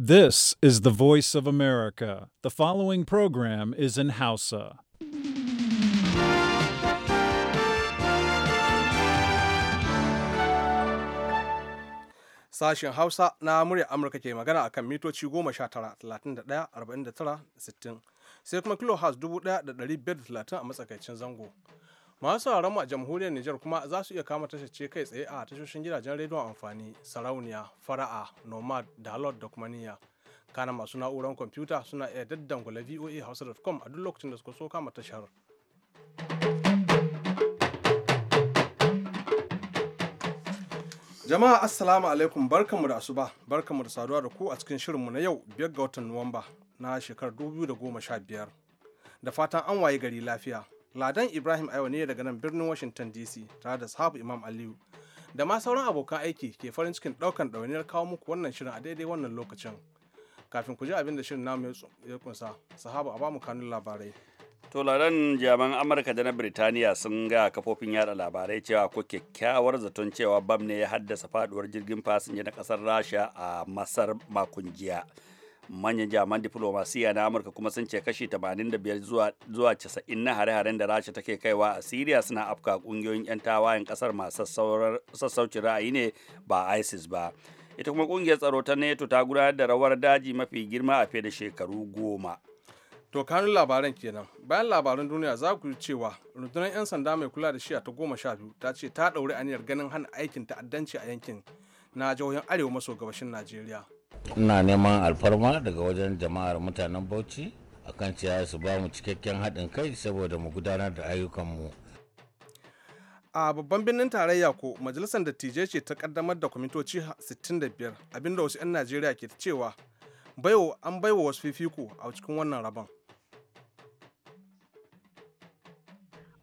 This is the voice of America. The following program is in Hausa. Sashen Hausa na murya Amurka ke magana akan mitoci 19,31,49,60 sai kuma kilohertz 1,530 a matsakaicin zango. masu sauraron a jamhuriyar Nijar kuma za su iya kama tashace kai tsaye a tashoshin gidajen rediyon amfani sarauniya fara'a nomad da lord da kuma niyya kana masu na'urar kwamfuta suna iya daddangula voa hausa.com a duk lokacin da suka so kama tashar jama'a assalamu alaikum barkanmu da asuba barkanmu da saduwa da ku a cikin shirinmu na yau biyar ga watan nuwamba na shekarar 2015 da fatan an waye gari lafiya Ladan Ibrahim Aiwa ne daga nan birnin Washington DC tare da sahabu Imam Aliyu. Da ma sauran abokan aiki ke farin cikin ɗaukan ɗawainiyar kawo muku wannan shirin a daidai wannan lokacin. Kafin ku ji abin da shirin namu ya kunsa, sahabu a bamu kanun labarai. To ladan jaman Amurka da na Birtaniya sun ga kafofin yada labarai cewa ko kyakkyawar zaton cewa bam ne ya haddasa faduwar jirgin fasinja na kasar Rasha a Masar makon jiya. manyan jaman diplomasiya na amurka kuma sun ce kashi 85 zuwa 90 na hare-haren da rasha take kaiwa a siriya suna afka kungiyoyin 'yan tawayen kasar masu sassauci ra'ayi ne ba isis ba ita kuma kungiyar tsaro ta neto ta gudanar da rawar daji mafi girma a fiye da shekaru goma to kanun labaran kenan bayan labaran duniya za ku cewa rundunar 'yan sanda mai kula da shiya ta goma sha biyu ta ce ta ɗauri aniyar ganin hana aikin ta'addanci a yankin na jihohin arewa maso gabashin najeriya ina neman alfarma daga wajen jama'ar mutanen bauchi akan cewa su ba mu cikakken haɗin kai saboda mu gudanar da ayyukanmu a babban birnin tarayya ko majalisar dattijai ce ta kaddamar da kwamitoci 65 abinda wasu 'yan najeriya ke cewa an baiwa wasu fifiko a cikin wannan rabon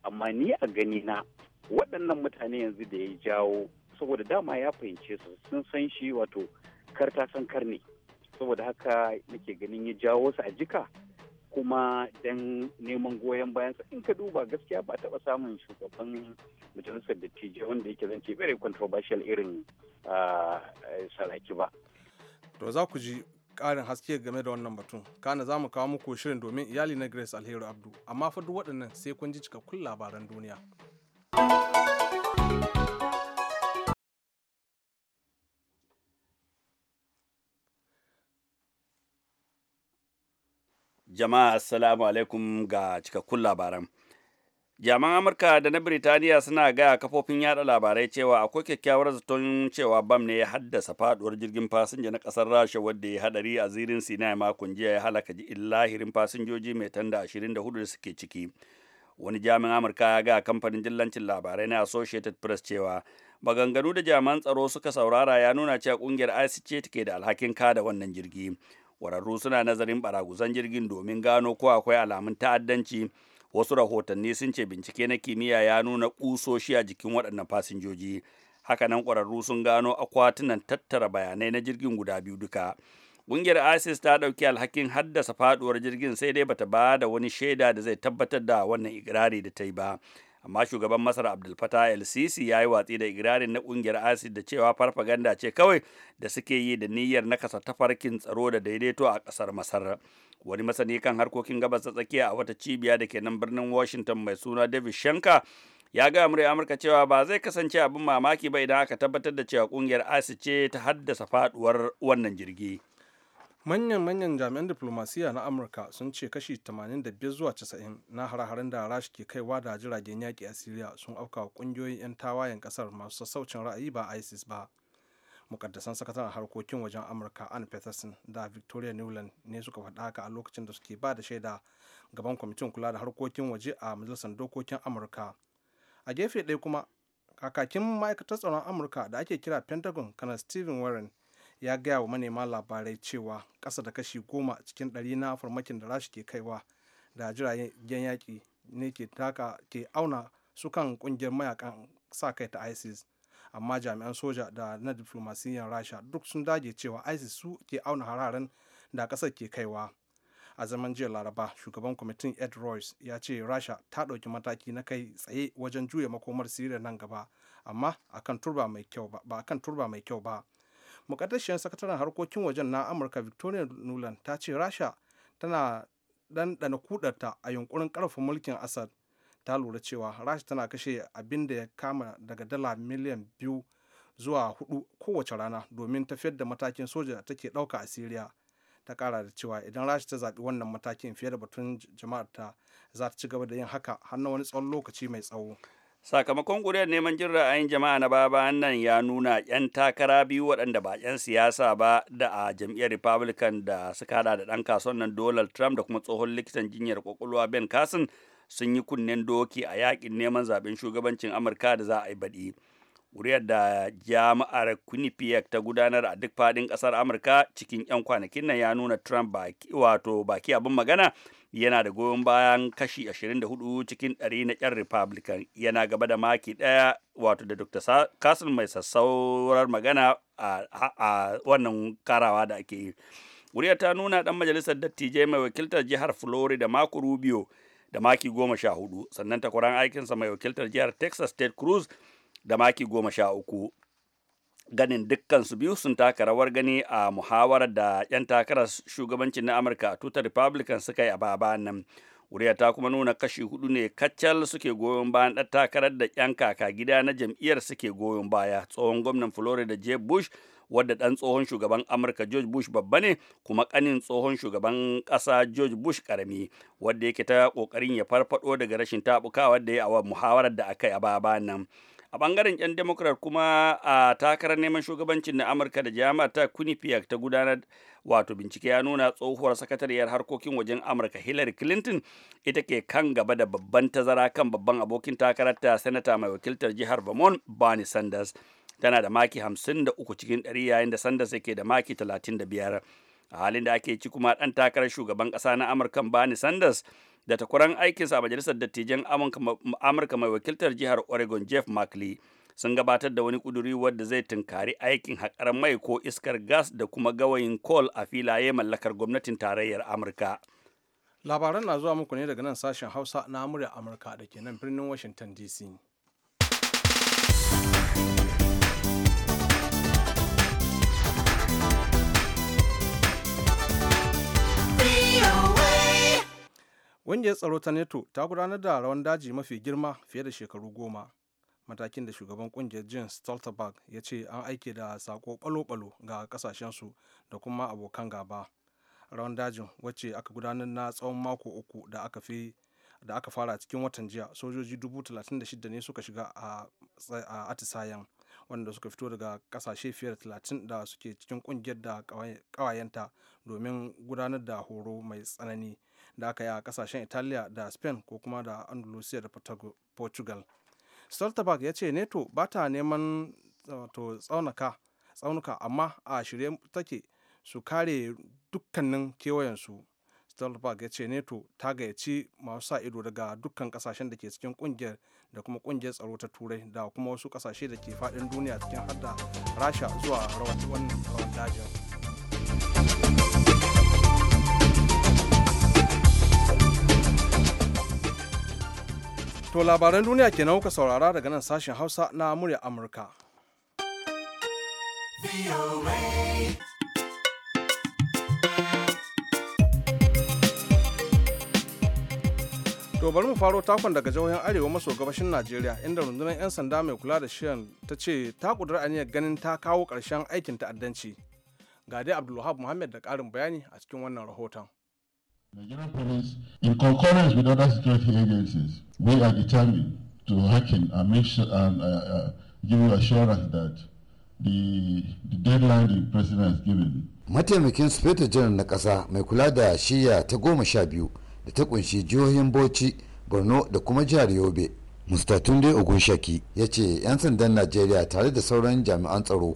amma ni a gani na waɗannan mutane yanzu da ya jawo saboda dama ya fahimce su sun san shi wato kar ta san kar ne saboda haka nake ganin ya jawo su a jika kuma dan neman goyon sa in ka duba gaskiya ba taɓa samun shugaban majalisar dattijai wanda yake zance bare controversial irin saraki ba to za ku ji ƙarin haske game da wannan batun kana za mu kawo muku shirin domin iyali na grace alheri abdu amma fa duk waɗannan sai kun ji cikakkun labaran duniya thank jama'a assalamu alaikum ga cikakkun labaran jami'an amurka da na birtaniya suna gaya kafofin yada labarai cewa akwai kyakkyawar zaton cewa bam ne ya haddasa faduwar jirgin fasinja na kasar rasha wadda ya hadari a zirin sinai makon jiya ya halaka lahirin fasinjoji mai tanda 24 da suke ciki wani jami'an amurka ya gaya kamfanin jillancin labarai na associated press cewa maganganu da jami'an tsaro suka saurara ya nuna cewa kungiyar isis ce take da alhakin kada wannan jirgi kwararru suna nazarin baraguzan jirgin domin gano ko akwai alamun ta'addanci wasu rahotanni sun ce bincike na kimiyya ya nuna kusoshi a jikin waɗannan fasinjoji hakanan kwararru sun gano akwatunan tattara bayanai na jirgin guda biyu duka ƙungiyar isis ta ɗauki alhakin haddasa faɗuwar jirgin sai dai bata ba da wani shaida da zai tabbatar da wannan ikirari da ta yi ba amma shugaban masar abdul fatah el sisi ya yi watsi da igirarin na kungiyar asid da cewa farfaganda ce kawai da suke yi da niyyar nakasa tafarkin tsaro da daidaito a kasar masar wani masani kan harkokin gabas ta tsakiya a wata cibiya da ke nan birnin washington mai suna david shanka ya ga murya amurka cewa ba zai kasance abin mamaki ba idan aka tabbatar da cewa kungiyar asid ce ta haddasa faduwar wannan jirgi manyan-manyan jami'an diplomasiya na amurka sun ce kashi 85 zuwa 90 na hare-haren da rashi ke kaiwa da jiragen yaƙi a syria sun afka wa ƙungiyoyin 'yan tawayen ƙasar masu sassaucin ra'ayi ba isis ba mukaddasan sakataren harkokin wajen amurka ann peterson da victoria newland ne suka faɗa haka a lokacin da suke ba da shaida gaban kwamitin kula da harkokin waje a majalisar dokokin amurka a gefe ɗaya kuma kakakin ma'aikatar tsaron amurka da ake kira pentagon kana stephen warren ya gaya wa manema labarai cewa kasa da kashi goma cikin ɗari na farmakin da rashi ke kaiwa da jiragen yaƙi ne ke taka ke auna su kan ƙungiyar mayakan sa kai ta isis amma jami'an soja da na diplomasiyyar rasha duk sun dage cewa isis su ke auna hararen da ƙasar ke kaiwa a zaman jiya laraba shugaban kwamitin ed royce ya ce rasha ta ɗauki mataki na kai tsaye wajen juya makomar siriya nan gaba amma a kan turba mai kyau ba mukaddashiyar sakataren harkokin wajen na amurka victoria nuland ta ce rasha tana ɗanɗana kudarta a yunkurin ƙarfin mulkin assad ta lura cewa rasha tana kashe abin da ya kama daga dala miliyan biyu zuwa hudu kowace rana domin tafiyar da matakin soja da take ɗauka a siriya ta kara da cewa idan rasha ta zaɓi wannan matakin fiye da batun jama'ar ta za ta ci gaba da yin haka har na wani tsawon lokaci mai tsawo sakamakon ƙuri'ar neman jin ra'ayin jama'a na baba nan ya nuna 'yan takara biyu waɗanda ba 'yan siyasa ba da a jam'iyyar republican da suka hada da ɗan kasuwan nan donald trump da kuma tsohon likitan jinyar kwakwalwa ben carson sun yi kunnen doki a yaƙin neman zaɓen shugabancin amurka da za a yi baɗi ƙuri'ar da jami'ar quinnipiac ta gudanar a duk faɗin ƙasar amurka cikin 'yan kwanakin nan ya nuna trump baki wato baki abin magana yana da goyon bayan kashi 24 cikin 100 na 'yan republican yana gaba da maki daya wato da dr castle mai sassaurar magana a wannan karawa da ake yi wuri ta nuna dan majalisar dattijai mai wakiltar jihar florida mako rubio da maki goma sha hudu sannan takwaran aikinsa mai wakiltar jihar texas state cruise da maki goma sha uku ganin dukkan su biyu sun taka rawar gani a muhawarar da 'yan takarar shugabancin na amurka a tutar republican suka yi a baba nan kuri'a ta kuma nuna kashi hudu ne kacal suke goyon bayan ɗan takarar da 'yan kaka gida na jam'iyyar suke goyon baya tsohon gwamnan florida jeb bush wadda ɗan tsohon shugaban amurka george bush babba ne kuma kanin tsohon shugaban ƙasa george bush ƙarami wadda yake ta ƙoƙarin ya farfaɗo daga rashin taɓukawa da ya a muhawarar da aka yi a baba nan a bangaren 'yan democrat kuma a takarar neman shugabancin na amurka da jami'ar ta quinnipiac ta gudanar wato bincike ya nuna tsohuwar sakatariyar harkokin wajen amurka hillary clinton ita ke kan gaba da babban tazara kan babban abokin takarar ta sanata mai wakiltar jihar vermont bernie sanders tana da maki 53 cikin 100 yayin da sanders yake da maki 35 a halin da ake ci kuma ɗan takarar shugaban kasa na amurkan bernie sanders da takwaran aikinsa a majalisar dattijan amurka mai wakiltar jihar oregon jeff markley sun gabatar da wani kuduri wadda zai tunkari aikin haƙar mai ko iskar gas da kuma gawayin coal a filaye mallakar gwamnatin tarayyar amurka labaran na zuwa muku ne daga nan sashen hausa na amurka da ke nan birnin washington dc Ƙungiyar tsaro ta NATO ta gudanar da rawan daji mafi girma fiye da shekaru goma. Matakin da shugaban ƙungiyar jin Stoltenberg ya ce an aike da sako balo-balo ga kasashensu da kuma abokan gaba. Rawan dajin wacce aka gudanar na tsawon mako uku da aka fi da aka fara cikin watan jiya sojoji shida ne suka shiga a atisayen wanda suka fito daga kasashe fiye da 30 da suke cikin kungiyar da kawayenta domin gudanar da horo mai tsanani da aka yi a kasashen italiya da spain ko kuma da andalusia da portugal stoltenberg ya ce neto ba ta neman tsaunuka tsaunuka amma a shirye take su kare dukkanin kewayensu stoltenberg ya ce neto ta gayyaci masu sa ido daga dukkan kasashen da ke cikin kungiyar da kuma kungiyar tsaro ta turai da kuma wasu kasashe da ke faɗin duniya cikin hada rasha zuwa rawar dajin. To labaran duniya kenan kuka saurara daga nan sashen Hausa na murya Amurka. To bari mu faro takon daga jihohin Arewa maso gabashin Najeriya inda rundunar 'yan sanda mai kula da shirin ta ce ta kudura aniyar ganin ta kawo ƙarshen aikin ta'addanci. Ga Abdullahi Abdulwahab Muhammad da ƙarin bayani a cikin wannan rahoton. Nigerian police, in concurrence with other security agencies, we are determined to hearken and make sure and uh, uh, give you assurance that the, the deadline the president has given. Mataimakin Sufeta Janar na ƙasa mai kula da shiya ta goma sha biyu da ta kunshi jihohin Bauchi, Borno da kuma jihar Yobe. Mustatunde Ogunshaki ya ce 'yan sandan Najeriya tare da sauran jami'an tsaro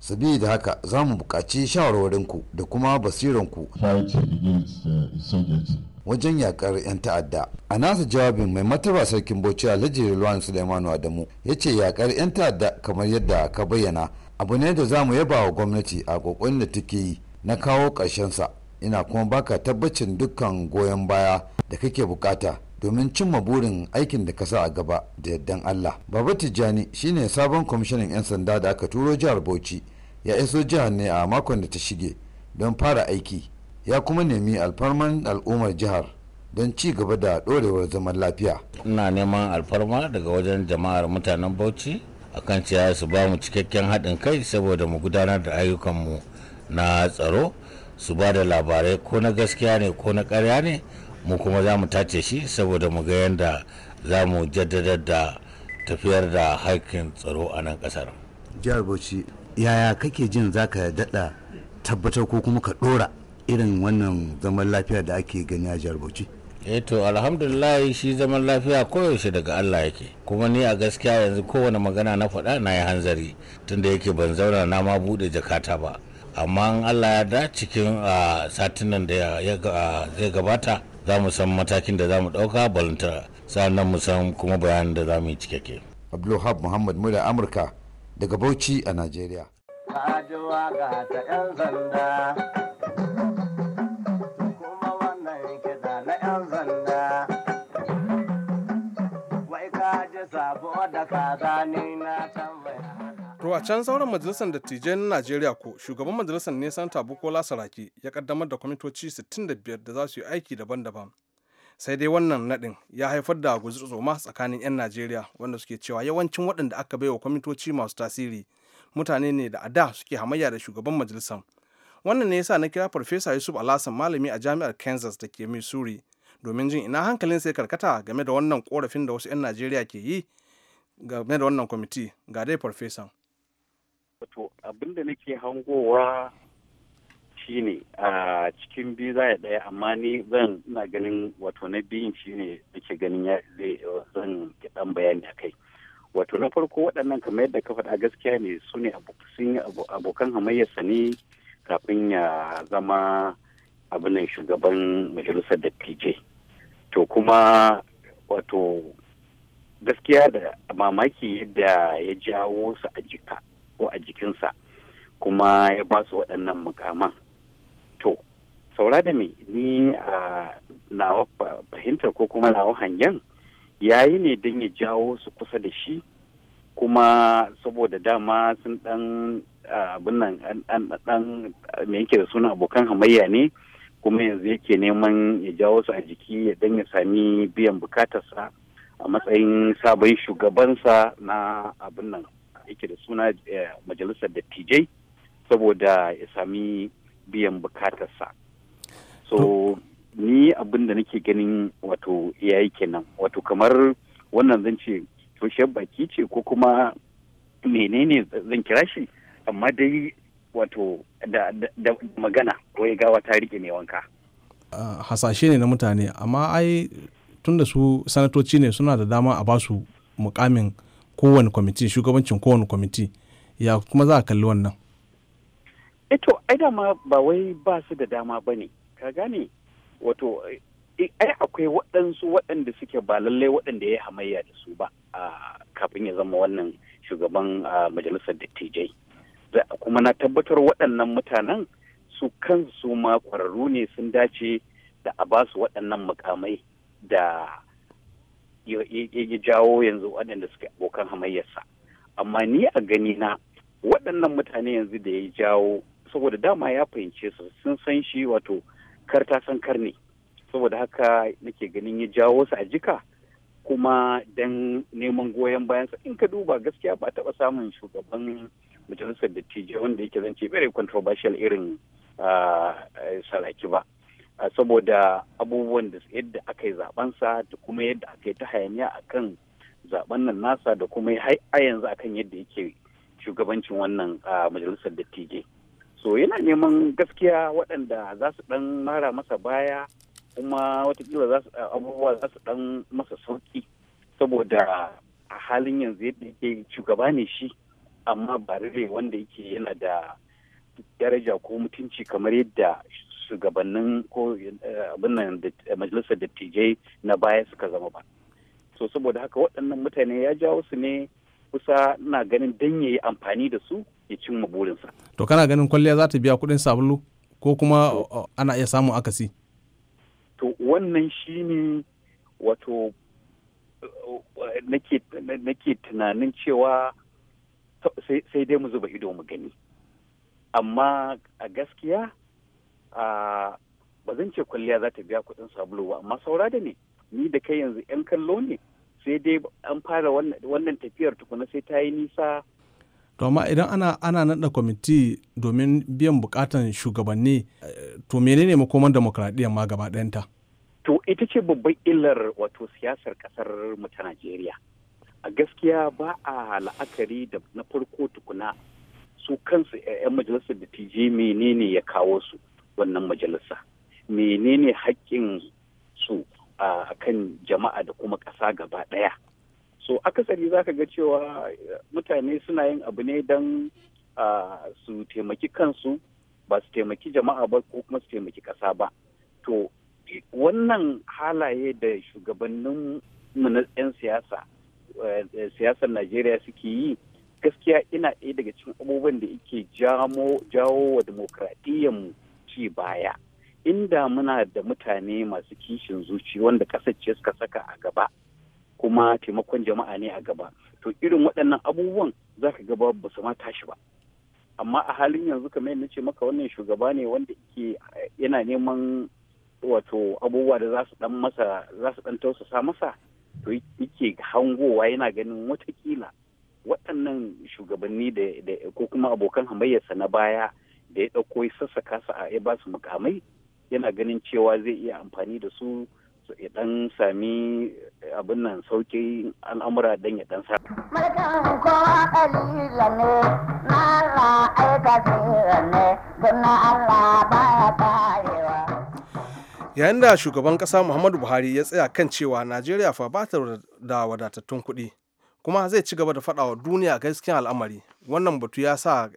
sabida haka za mu buƙaci shawarwarinku da kuma basiranku wajen yakar 'yan ta'adda a nasa jawabin mai mataba sarkin bauchi alhaji rilwan suleimanu adamu ya ce yakar 'yan ta'adda kamar yadda ka bayyana abu ne da za mu yaba wa gwamnati a kokarin da take yi na kawo ƙarshensa ina kuma baka tabbacin dukkan goyon baya da kake bukata domin cimma burin aikin da kasa a gaba da yaddan Allah. Baba Tijjani shine sabon kwamishinan 'yan sanda da aka turo jihar Bauchi ya iso jihar ne a makon da ta shige don fara aiki ya kuma nemi alfarman al'ummar jihar don ci gaba da ɗorewar zaman lafiya. Ina neman alfarma daga wajen jama'ar mutanen Bauchi akan cewa su ba mu cikakken haɗin kai saboda mu gudanar da ayyukanmu na tsaro su ba da labarai ko na gaskiya ne ko na ƙarya ne mu kuma za mu tace shi saboda mu ga yadda za mu jaddada da tafiyar da haƙƙin tsaro a nan ƙasar. jihar bauchi yaya kake jin za ka daɗa tabbatar ko kuma ka ɗora irin wannan zaman lafiya da ake gani a jihar bauchi eto eh to alhamdulillah shi zaman lafiya koyaushe daga allah yake kuma ni a gaskiya yanzu kowane magana na faɗa na yi hanzari tunda yake ban zauna na ma buɗe jakata ba amma allah ya ah, da cikin a satinan da zai gabata za mu san matakin da za mu ɗauka balanta sa'annan mu san kuma bayanin da za mu yi cikakke. Abdulhab Muhammad Mura Amurka daga Bauchi a Najeriya. ka ji sabo da na ta To can sauran majalisar dattijai na Najeriya ko shugaban majalisar ne Santa Bukola Saraki ya kaddamar da kwamitoci 65 da za su yi aiki daban-daban. Sai dai wannan nadin ya haifar da ma tsakanin 'yan Najeriya wanda suke cewa yawancin waɗanda aka baiwa kwamitoci masu tasiri mutane ne da a da suke hamayya da shugaban majalisar. Wannan ne yasa na kira Farfesa Yusuf Alhassan malami a Jami'ar Kansas da ke Missouri domin jin ina hankalin sai karkata game da wannan korafin da wasu 'yan Najeriya ke yi game da wannan kwamiti ga dai farfesan. Wato abin da nake hangowa shine a cikin biyu za ɗaya amma ni zan ina ganin wato na biyun shine nake ganin ya zan ɗan bayani a kai. Wato na farko waɗannan kamar yadda ka faɗa gaskiya ne su ne abokan hamayyarsa ne kafin ya zama abin shugaban majalisar dattijai. To kuma wato gaskiya da mamaki yadda ya jawo su a jika ko a jikinsa kuma ya ba su waɗannan mukaman to saura da me ni a nawa fahimtar ko kuma nawa hangen yayi ne don ya jawo su kusa da shi kuma saboda dama sun ɗan abin nan ɗan me yake da suna abokan hamayya ne kuma yanzu yake neman ya jawo su a jiki ya dan ya sami biyan bukatarsa a matsayin sabon shugabansa na abin nan yake da suna eh, majalisar dattijai saboda ya sami biyan bukatarsa so ni abin da nake ganin wato ya yi kenan wato kamar wannan zan ce toshiyar baki ce ko kuma menene zan kira shi amma dai wato da, magana ko ya gawa ta rike mai wanka ah, hasashe ne na mutane amma ai tun da su sanatoci ne suna da dama a basu mukamin kowane kwamiti shugabancin kowane kwamiti ya kuma za a kalli wannan eto eh ai dama ba wai ba su da dama ba ne ka gane wato eh, ai akwai waɗansu waɗanda suke ba lallai waɗanda ya hamayya da su ba kafin ya zama wannan shugaban majalisar dattijai kuma na tabbatar waɗannan mutanen su kansu ma kwararru ne sun dace da a ba su waɗannan mukamai da ya jawo yanzu waɗanda suke abokan hamayyarsa amma ni a gani na waɗannan mutane yanzu da ya jawo saboda dama ya fahimce su sun san shi wato kar ta san kar ne saboda haka nake ganin ya jawo su a jika kuma dan neman goyon bayansa in ka duba gaskiya ba taɓa samun shugaban majalisar dattijai wanda yake zance very controversial irin ah, eh, salaki ba saboda abubuwan da yadda aka yi zabensa da kuma yadda aka yi ta hayaniya akan zaben nan nasa da kuma a yanzu a kan yadda yake shugabancin wannan majalisar dattijai so yana neman gaskiya waɗanda za su ɗan mara masa baya kuma watakila za su abubuwa za su ɗan masa sauki saboda a halin yanzu yadda yake shugaba ne shi amma ba rire wanda yake yana da daraja ko mutunci kamar yadda shugabannin ko eh, abin nan eh, majalisar dattijai na baya suka zama ba so saboda haka waɗannan mutane ya jawo su ne kusa na ganin dan yayi amfani da su ya cimma burinsa to kana ganin kwalliya za ta biya kuɗin sabulu ko kuma ana iya samun akasi to wannan shine wato eh, nake tunanin cewa sai dai mu zuba ido mu gani amma a gaskiya ba zan ce kwalliya za ta biya kuɗin sabulu ba amma saura da ne ni da kai yanzu yan kallo ne sai dai an fara wannan tafiyar tukuna sai ta yi nisa to amma idan ana ana naɗa kwamiti domin biyan bukatan shugabanni eh, to menene makoman demokradiyyar ma gaba ɗayanta to ita ce babban illar wato siyasar kasar mu ta najeriya a gaskiya ba a la'akari da na farko tukuna su kansu 'yan majalisar da tije menene ya kawo su wannan majalisa menene haƙƙin su a kan jama'a da kuma ƙasa gaba ɗaya so akasari za ka ga cewa mutane suna yin abu ne don su taimaki kansu ba su taimaki jama'a ba ko kuma su taimaki ƙasa ba to wannan halaye da shugabannin na 'yan siyasa eh, siyasar najeriya suke yi gaskiya ina ɗaya daga cikin abubuwan da yake jawo wa mu ci baya inda muna da mutane masu kishin zuci wanda kasance suka saka a gaba kuma taimakon jama'a ne a gaba to irin waɗannan abubuwan za ka gaba ba su ma tashi ba amma a halin yanzu kamar yadda ce maka wannan shugaba ne wanda ke eh, yana neman wato abubuwa da za su dan masa za su dan tausasa masa to yake hangowa yana ganin watakila waɗannan shugabanni da ko kuma abokan hamayyarsa na baya da ya ɗauko ya sassaka su a ya ba su mukamai yana ganin cewa zai iya amfani da su ya dan sami eh, abin nan sauki al'amura dan ya dan sa. ko alila ne, na ne, don Allah ya Yayin da shugaban ƙasa Muhammadu Buhari ya tsaya kan cewa Najeriya fa ba ta da wadatattun kuɗi, kuma zai ci gaba da faɗawa wa duniya gaskiyar al'amari, wannan batu ya sa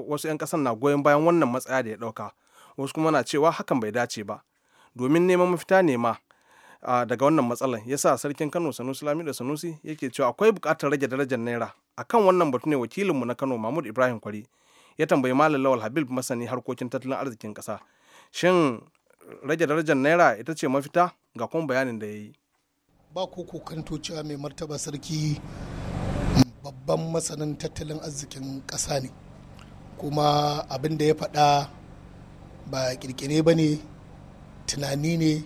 wasu 'yan kasan na goyon bayan wannan matsaya da ya dauka wasu kuma na cewa hakan bai dace ba domin neman mafita ne ma daga wannan matsalar yasa sarkin kano sanusi lami da sanusi yake cewa akwai bukatar rage darajar naira akan wannan batu ne wakilinmu na kano mahmud ibrahim kwari ya tambayi malam lawal habib masani harkokin tattalin arzikin kasa shin rage darajar naira ita ce mafita ga kuma bayanin da ya yi ba ko kokanto cewa mai martaba sarki mm, babban masanin tattalin arzikin kasa ne kuma abin da ya faɗa ba kirkire ba ne tunani ne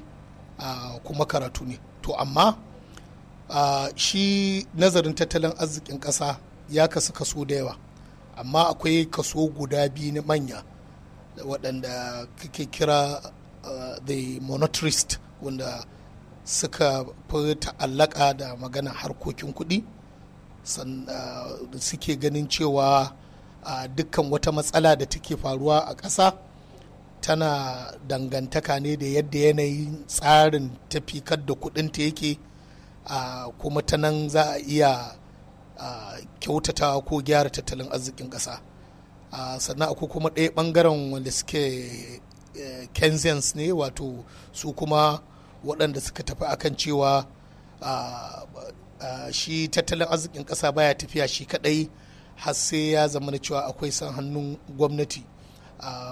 kuma karatu ne to amma shi nazarin tattalin arzikin ƙasa ya kasu kaso da yawa amma akwai kaso guda biyu na manya waɗanda kake kira the monetarist wanda suka fi ta'allaka da maganar harkokin kuɗi suke ganin cewa a dukkan wata matsala da take faruwa a ƙasa tana dangantaka ne da yadda yanayin tsarin tafikar da kudinta yake kuma ta nan za a iya kyautata ko gyara tattalin arzikin ƙasa sannan akwai kuma ɗaya ɓangaren wanda suke e, kenzians ne wato su kuma waɗanda suka tafi akan cewa shi tattalin arzikin ƙasa baya tafiya shi kaɗai har sai ya zama na cewa akwai san hannun gwamnati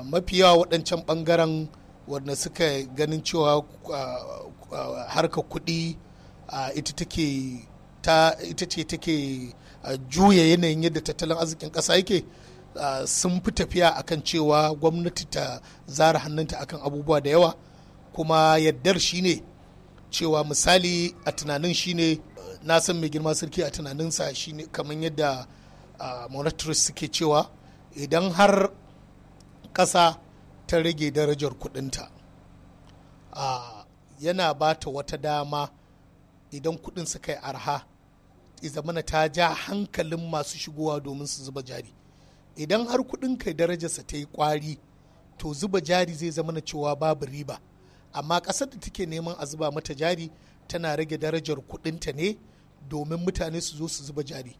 mafi yawa waɗancan ɓangaren wanda suka ganin cewa harka kuɗi ita take ta ce take juya yanayin yadda tattalin arzikin ƙasa yake sun fi tafiya akan cewa gwamnati ta zara hannunta akan abubuwa da yawa kuma yaddar ne cewa misali a tunanin shi ne na san mai girma sarki a tunaninsa ne kamar yadda a monitors suke cewa idan har ƙasa ta rage darajar kudinta yana ba ta wata dama idan kudin suka yi arha zamana ta ja hankalin masu shigowa domin su zuba jari idan har kudin kai darajarsa ta yi kwari to zuba jari zai zamana cewa babu riba amma ƙasar da take neman a zuba mata jari tana rage darajar kudinta ne domin mutane su zo su zuba jari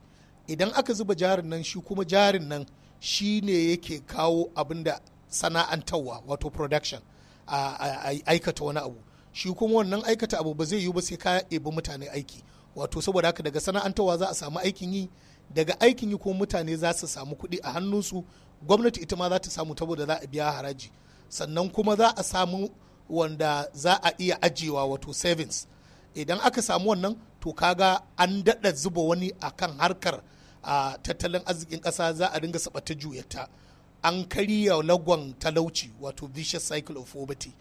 idan aka zuba jarin nan shi kuma jarin nan shi ne yake kawo abin da sana'antarwa wato production a aikata wani abu shi kuma wannan aikata abu ba zai yiwu ba sai ka ebi mutane aiki wato saboda haka daga sana'antarwa za a samu aikin yi daga aikin yi kuma mutane za su samu kuɗi a hannunsu gwamnati ita ma za ta samu saboda za a biya haraji sannan kuma za a samu wanda za a iya ajiyewa wato savings idan aka samu wannan to kaga an daɗa zuba wani akan harkar a tattalin arzikin ƙasa za a dinga sabata juyarta an karya lagon talauci wato vicious cycle of poverty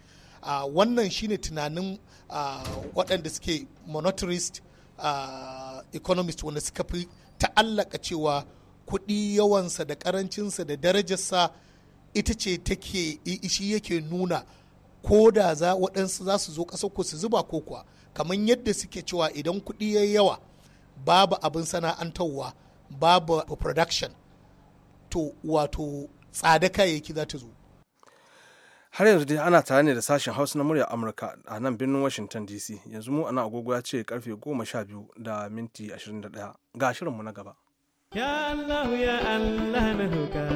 uh, wannan shine tunanin uh, waɗanda suke monetarist uh, economist wanda suka fi ta'allaka cewa kuɗi yawansa da ƙarancinsa da darajarsa ita ce take shi yake nuna ko da za waɗansu za su zo ƙasar ko su zuba ko kuwa kamar yadda suke cewa idan kuɗi ya yawa babu abin sana'antarwa babu production to wato tsada kayayyaki za ta zo har yanzu dai ana tare ne da sashen hausa na murya amurka a nan birnin washington dc yanzu mu ana agogo ya ce karfe goma sha biyu da minti 21 ga shirinmu na gaba ya allah ya allah na roka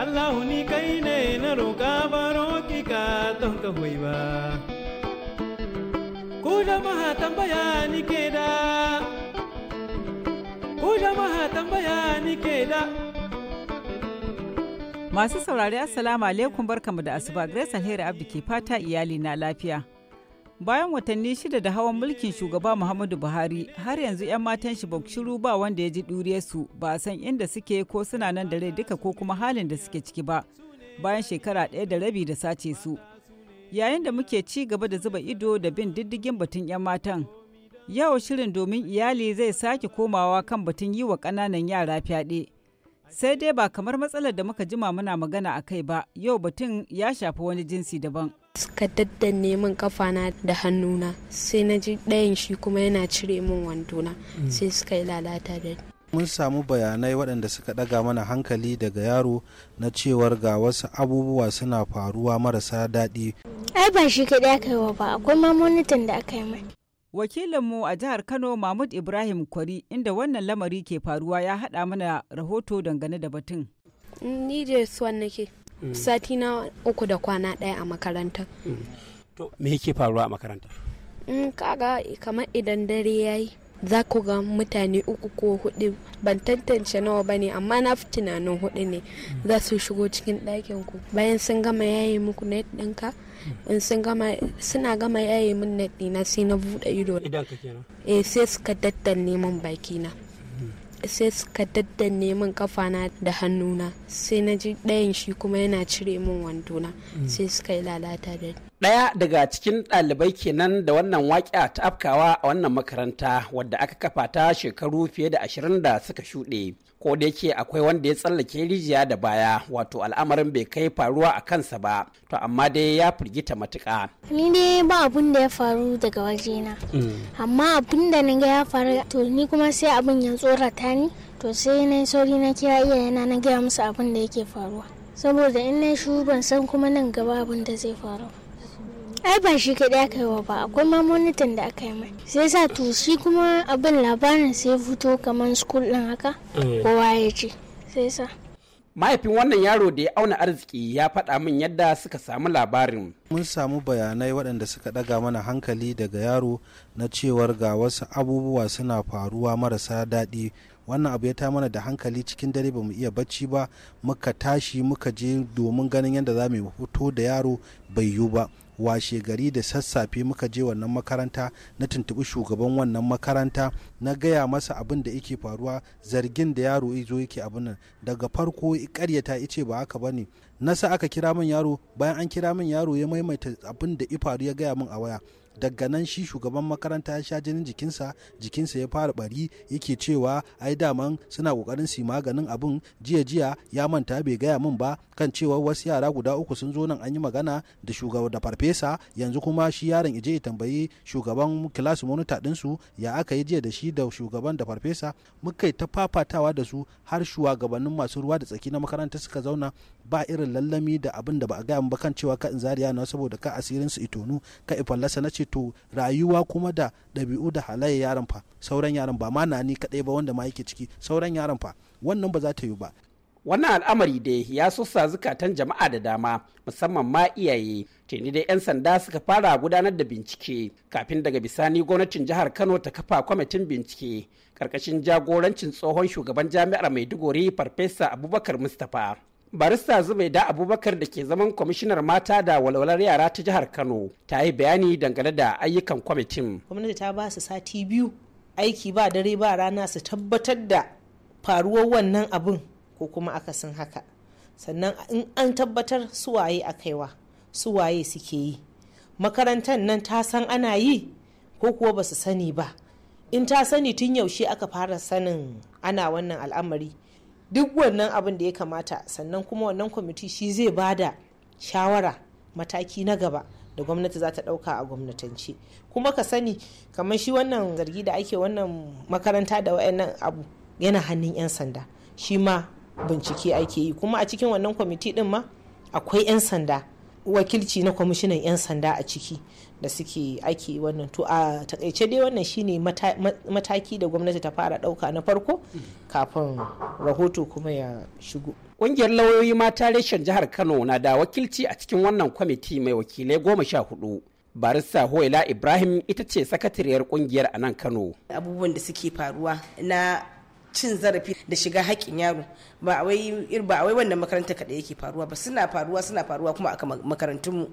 allah ni kai ne na roka baro ki ka don ka hoyi ba ku jama'a tambaya ni ke da ku jama'a tambaya masu saurari assalamu alaikum barkamu da asuba grace alheri abdi ke fata iyali na lafiya bayan watanni shida da hawan mulkin shugaba muhammadu buhari har yanzu 'yan matan shi shiru ba wanda ya ji su ba a san inda suke ko suna nan da rai duka ko kuma halin da suke ciki ba bayan shekara ɗaya da rabi da sace su yayin da muke ci gaba da zuba ido da bin diddigin batun 'yan matan Yau shirin domin iyali zai sake komawa kan batun yi wa ƙananan yara fyaɗe. Sai dai ba kamar matsalar da muka jima muna magana a kai ba, yau batun ya shafi wani jinsi daban. Suka daddanne min kafana da hannuna, sai na ji ɗayan shi kuma yana cire min wandona, mm. sai suka yi lalata da mun samu bayanai waɗanda suka ɗaga mana hankali daga yaro na cewar ga wasu abubuwa suna faruwa marasa daɗi. ai ba shi kaɗai aka yi wa ba akwai mamonitan da aka yi mai Wakilinmu a jihar Kano Mahmud Ibrahim Kwari inda wannan lamari ke faruwa ya haɗa mana rahoto dangane da batun. Ni je suwan nake mm. sati na uku da kwana ɗaya a makaranta. Mm. To me yake faruwa a makarantar? Mm, kaga kamar idan dare ya yi za ku ga mutane uku ko hudu ban tantance nawa ba ne amma na fi tunanin hudu ne za su shigo cikin ɗakin ku bayan sun gama yayi muku na ɗinka. in sun gama suna gama yaye min na dina sai na buɗe ido eh sai suka daddan neman baki na hmm. sai suka daddan neman kafa na da hannuna sai na ji ɗayan shi kuma yana cire min na hmm. sai suka yi lalata da ni Ɗaya daga cikin ɗalibai kenan da wannan waƙa ta afkawa a wannan makaranta wadda aka kafa ta shekaru fiye da ashirin da suka shuɗe. Ko da yake akwai wanda ya tsallake rijiya da baya wato al'amarin bai kai faruwa a kansa ba to amma dai ya firgita matuƙa. Ni dai ba abin da ya faru daga wajena. Mm. Amma abin da na ga ya faru to ni kuma sai abin ya tsorata ni to sai na sauri na kira iyayena na gaya musu abin da yake faruwa. Saboda in na shu ban san kuma nan gaba abin da zai faru. ai ba shi kaɗai aka yi wa ba akwai mamonitan da aka yi mai sai sa to shi kuma abin labarin sai fito kamar school ɗin haka mm. kowa ya ce sai sa mahaifin wannan yaro da ya auna arziki ya faɗa min yadda suka samu labarin mun samu bayanai waɗanda suka ɗaga mana hankali daga yaro na cewar ga wasu abubuwa suna faruwa marasa daɗi wannan abu ya ta mana da hankali cikin dare ba mu iya bacci ba muka tashi muka je domin ganin yadda za mu fito da yaro bai yiwu ba washe gari da sassafe muka je wannan makaranta na tuntuɓi shugaban wannan makaranta na gaya masa abin da yake faruwa zargin da yaro izo yake abin nan daga farko karyata ice ba haka bane nasa aka kira min yaro bayan an kira min yaro ya maimaita abin da faru ya gaya min a waya daga nan shi shugaban makaranta ya sha jinin jikinsa jikinsa ya fara bari yake cewa ai daman suna kokarin su maganin abin jiya jiya ya manta bai gaya min ba kan cewa wasu yara guda uku sun zo nan an yi magana da shugaban da farfesa yanzu kuma shi yaron ije ya tambayi shugaban class monita din su ya aka yi jiya da shi da shugaban da farfesa muka yi ta fafatawa da su har shugabannin masu ruwa da tsaki na makaranta suka zauna ba irin lallami da abin da ba a gaya ba kan cewa ka in zariya na saboda ka asirin su itonu ka ifallasa na ce to rayuwa kuma da ɗabi'u da halaye yaran fa sauran yaran ba ma na ni kaɗai ba wanda ma yake ciki sauran yaran fa wannan ba za ta yi ba wannan al'amari da ya sussa zukatan jama'a da dama musamman ma iyaye tuni dai 'yan sanda suka fara gudanar da bincike kafin daga bisani gwamnatin jihar kano ta kafa kwamitin bincike karkashin jagorancin tsohon shugaban jami'ar maiduguri farfesa abubakar mustapha barista zubaida abubakar da ke zaman kwamishinar mata da walwalar yara ta jihar kano ta yi bayani dangane da ayyukan kwamitin gwamnati ta ba su sati biyu aiki ba dare ba rana su tabbatar da faruwar wannan abin ko kuma akasin haka sannan in an tabbatar suwaye a kaiwa suwaye suke yi makarantar nan ta san ana yi ko kuwa ba su sani ba in ta sani tun yaushe aka fara sanin ana wannan al'amari duk wannan abin da ya kamata sannan kuma wannan kwamiti shi zai ba da shawara mataki na gaba da gwamnati za ta ɗauka a gwamnatance kuma ka sani kamar shi wannan zargi da ake wannan makaranta da wayannan abu yana hannun 'yan sanda shi ma bincike ake yi kuma a cikin wannan kwamiti din ma akwai 'yan sanda wakilci na kwamishinan 'yan sanda a ciki da suke aiki wannan to a takaice dai wannan shine mataki da gwamnati ta fara dauka na farko kafin rahoto kuma ya shigo kungiyar lauyoyi mata reshen jihar Kano na da wakilci a cikin wannan kwamiti mai wakilai goma sha hudu. barista hoila ibrahim ita ce sakatariyar kungiyar a nan kano abubuwan da suke faruwa na cin zarafi da shiga haƙƙin yaro ba wai ba wai wannan makaranta kaɗai yake faruwa ba suna faruwa suna faruwa kuma aka makarantunmu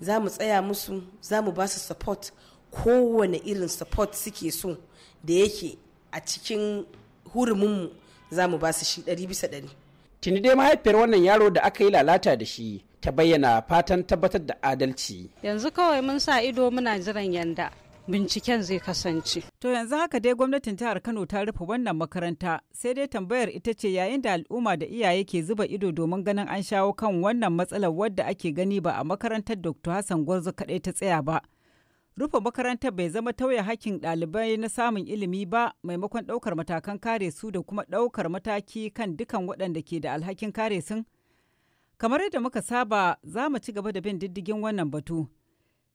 za mu tsaya musu za mu ba su support kowane irin support suke so da yake a cikin huruminmu za mu ba su shi ɗari bisa ɗari. Tuni dai mahaifiyar wannan yaro da aka yi lalata da shi ta bayyana fatan tabbatar da adalci. Yanzu kawai mun sa ido muna jiran yanda. binciken zai kasance. To yanzu haka dai gwamnatin jihar Kano ta rufe wannan makaranta sai dai tambayar ita ce yayin da al'umma da iyaye ke zuba ido domin ganin an shawo kan wannan matsalar wadda ake gani ba a makarantar Dr. Hassan Gwarzo kaɗai ta tsaya ba. Rufe makarantar bai zama tauye hakkin ɗalibai na samun ilimi ba maimakon ɗaukar matakan kare su da kuma ɗaukar mataki kan dukan waɗanda ke da alhakin kare sun. Kamar yadda muka saba za mu ci gaba da bin diddigin wannan batu.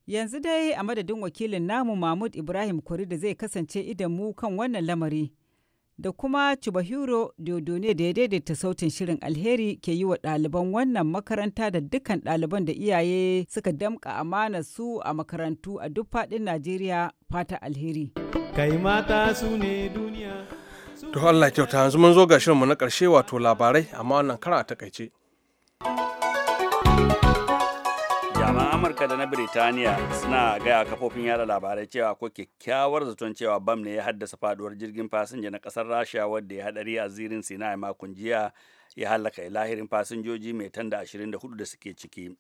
Yanzu dai a madadin wakilin namu Mahmud Ibrahim Kori da zai kasance idan mu kan wannan lamari da kuma Chubahiro Dodone da ya daidaita sautin shirin alheri ke yi wa ɗaliban wannan makaranta da dukkan ɗaliban da iyaye suka damƙa amana su a makarantu a duk faɗin Najeriya fata alheri. Kai mata To Allah kyauta yanzu mun zo ga shirinmu na karshe wato labarai amma wannan kara a takaice. jami'an amurka da na birtaniya suna gaya kafofin yada labarai cewa ko kyakkyawar zaton cewa bam ne ya haddasa faduwar jirgin fasinja na kasar rasha wadda ya hadari a zirin sinai makon jiya ya halaka lahirin fasinjoji mai tanda 24 da suke ciki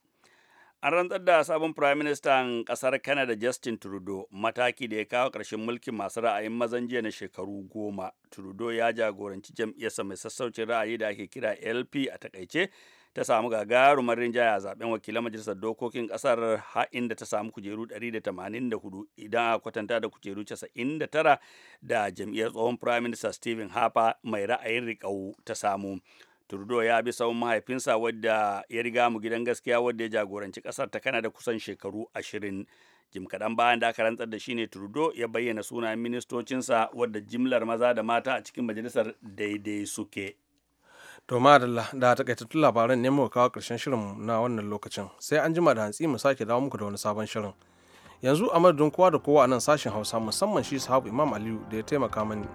an rantsar da sabon prime minister kasar canada justin trudeau mataki da ya kawo karshen mulkin masu ra'ayin mazan jiya na shekaru goma trudeau ya jagoranci jam'iyyarsa mai sassaucin ra'ayi da ake kira lp a takaice ta samu gagarumar rinjaya a zaben wakilan majalisar dokokin kasar har inda ta samu kujeru 184 idan a kwatanta da kujeru 99 da jam'iyyar tsohon prime minister stephen harper mai ra'ayin riƙau ta samu turdo ya bi sawun mahaifinsa wadda ya riga mu gidan gaskiya wadda ya jagoranci kasar ta da kusan shekaru ashirin. Jim kaɗan bayan da aka rantsar da shi ne turdo ya bayyana sunayen ministocinsa wadda jimlar maza da mata a cikin majalisar daidai suke. To madalla da takaitattun labaran ne muka kawo ƙarshen shirin na wannan lokacin sai an jima da hantsi mu sake dawo muku da wani sabon shirin. Yanzu a madadin kowa da kowa a nan sashen Hausa musamman shi sahabu Imam Aliyu da ya taimaka mani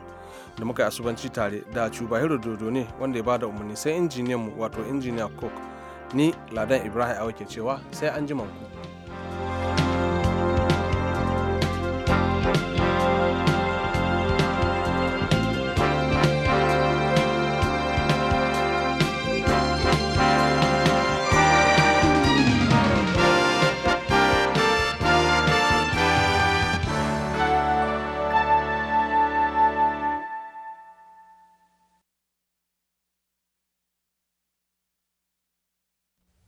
da muka yi asubanci tare da Cubahiru Dodo ne wanda ya bada umarni sai injiniyan mu wato injiniya Cook ni Ladan Ibrahim Awa ke cewa sai an jima ku.